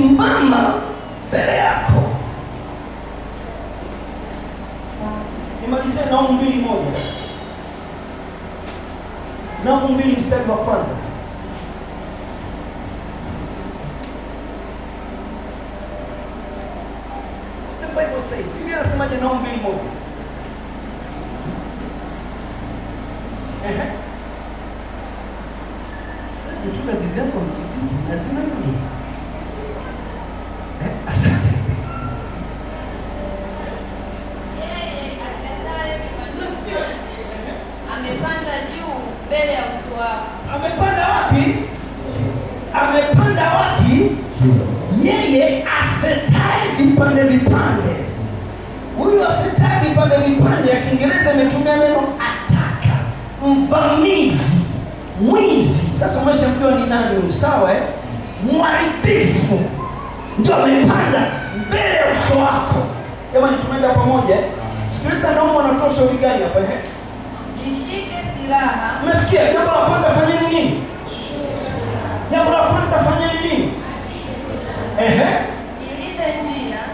coisa. mbele yako. Nimalizie Nahumu mbili moja, Nahumu mbili mstari wa kwanza. Biblia anasemaje? Nahumu mbili moja. Ehe, kutoka Biblia kwa lazima yeye asetae vipande vipande. Huyu asetae vipande vipande, ya Kiingereza imetumia neno ataka, mvamizi, mwizi. Sasa umeshamjua ni nani huyu, sawa? Eh? Mharibifu ndio amepanda mbele ya uso wako. Jamani, tumeenda pamoja. Eh? Sikiliza, naomba wanatoa shauri gani hapa? Ehe, jishike silaha. Umesikia? Jambo la kwanza fanyeni nini? Jambo la kwanza fanyeni nini?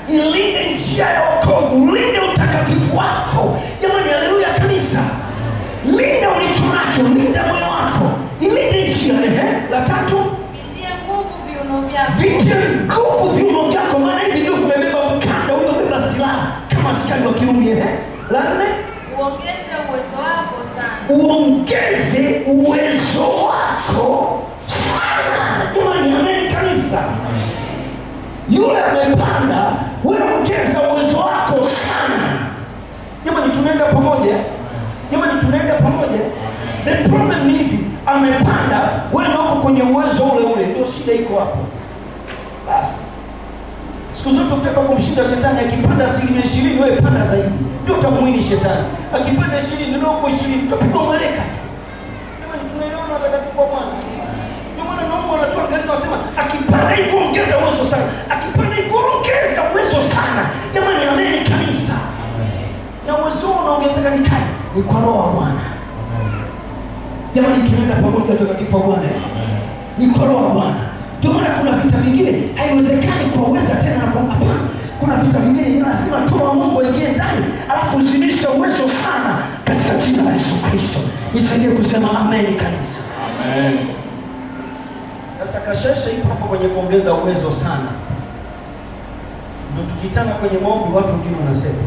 ilinde njia ya wokovu, ulinde utakatifu wako. Jamani, haleluya! Kanisa, linda ulicho nacho, linda moyo wako yule amepanda, wewe ongeza uwezo wako sana. Jamani, tunaenda pamoja? Jamani, tunaenda pamoja? The problem ni hivi, amepanda, wewe wako kwenye uwezo ule ule, ndio shida iko hapo. Basi siku zote ukitaka kumshinda shetani, akipanda asilimia ishirini, wewe panda zaidi, ndio utamwini shetani. Akipanda ishirini, ndio uko ishirini, utapigwa mweleka tu. Jamani, tunaelewana wakati kwa Bwana? Ndio maana naomba wanatuangalia, wasema akipanda hivyo, ongeza uwezo sana nikae ni kai ni kwa roho wa Bwana. Jamani, tunaenda pamoja utakatifu wa Bwana, ni kwa roho wa Bwana. Ndio kuna vita vingine haiwezekani kwa uweza tena, na hapa Kuna vita vingine lazima wa Mungu aingie ndani, alafu uzidishe uwezo sana, katika jina la Yesu Kristo. Nisaidie kusema amen, kanisa amen. Sasa kasheshe ipo hapo kwenye kuongeza uwezo sana, ndio tukitana kwenye maombi, watu wengine wanasema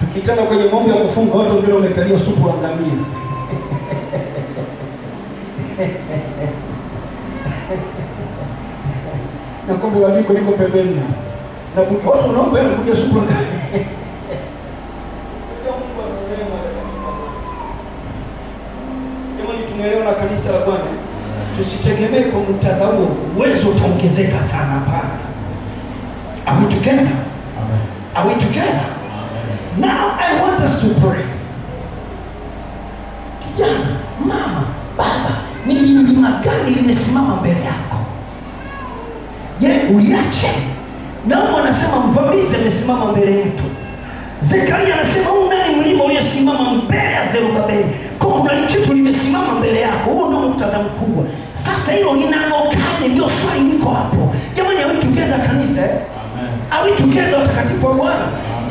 tukitaka kwenye mambo ya kufunga watu ndio wamekalia supu ya ngamia na kombe la viko liko pembeni na watu wanaomba yana kuja supu ya ngamia. tumeelewa na kanisa la Bwana, tusitegemee kwa mtadha huo, uwezo utaongezeka sana. Hapana, are we together? Are we together? Now I want us to pray. Kijana, mama, baba, ni milima gani limesimama mbele yako? Je, uliache? Nauma wanasema mvamizi amesimama mbele yetu. Zekaria anasema huu nani mlima uliosimama mbele ya Zerubabeli? Kwa kuna kitu limesimama mbele yako. Huo ndio muktadha mkubwa. Sasa hilo linanokaje? Ndio swali liko hapo. Jamani, are we together kanisa? Eh? Amen. Are we watakatifu wa Bwana?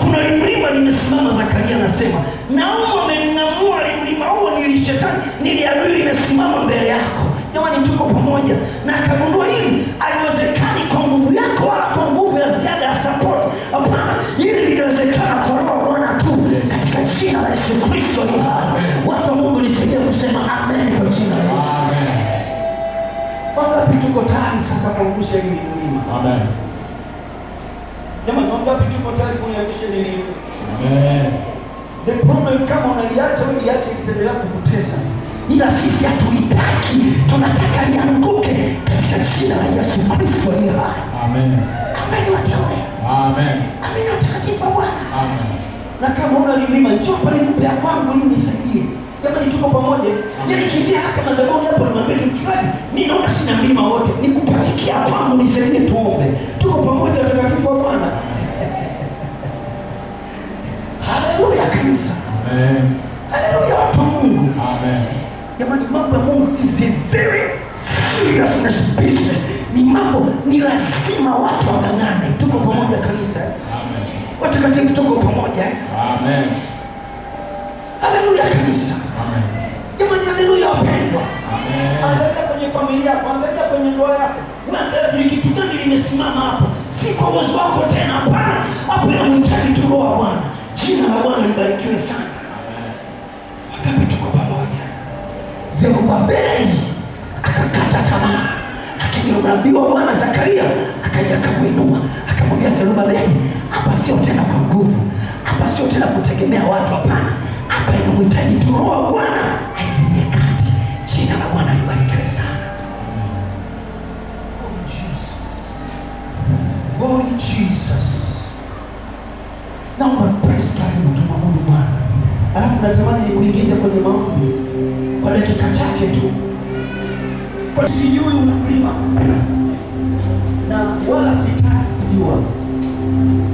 kuna limlima limesimama. Zakaria anasema Naumu ameling'amua limlima huo, nili shetani niliadui, limesimama mbele yako. Jamani, tuko pamoja. Na akagundua hili aliwezekani kwa nguvu yako, wala kwa nguvu ya ziada ya sapoti. Hapana, hili linawezekana kwa roho Bwana tu, katika jina la Yesu Kristo. Watu wa Mungu lisaidia kusema amen kwa jina la Yesu. Wangapi tuko tayari sasa kwa kuangusha hili limlima? Amen. Jamani, wangapi tuko tayari kuiamisha elimu? Amen. The problem kama unaliacha wewe liache litaendelea kukutesa. Ila sisi hatuitaki, tunataka lianguke katika jina la Yesu Kristo aliye hai. Amen. Amen wateule. Amen. Amen watakatifu wa Bwana. Amen. Na kama una lilima, njoo pale mbele kwangu ili nisaidie. Jamani, tuko pamoja. Yaani kimbia hata madhabahu hapo niambie tu mchungaji, mimi naona sina mlima wote. nikupachikia kwangu nisaidie tuombe. Tuko pamoja watakatifu wa Bwana. Haleluya kanisa. Amen. Haleluya watu wa Mungu. Amen. Jamani, mambo ya Mungu is a very serious business. Ni mambo ni lazima watu wakang'ane. Tuko pamoja kanisa. Amen. Watakatifu tuko pamoja. Amen. Haleluya kanisa. Jamani, haleluya wapendwa. Angalia kwenye familia yako, angalia kwenye ndoa yako. wewe angalia ni kitu gani limesimama hapo? Si kwa uwezo wako tena, hapana. Hapo inamhitaji tu Roho wa Bwana. Jina la Bwana libarikiwe sana. Wakati tuko pamoja, Zerubabeli akakata tamaa, lakini unaambiwa Bwana Zakaria akaja akamwinua, akamwambia Zerubabeli, hapa sio tena kwa nguvu, hapa sio tena kutegemea watu, hapana Jesus. Naomba press karibu tumwabudu Bwana. Alafu natamani nikuingize kwenye maombi kwa dakika chache tu. Kwa sijui unakulima na wala sitaki kujua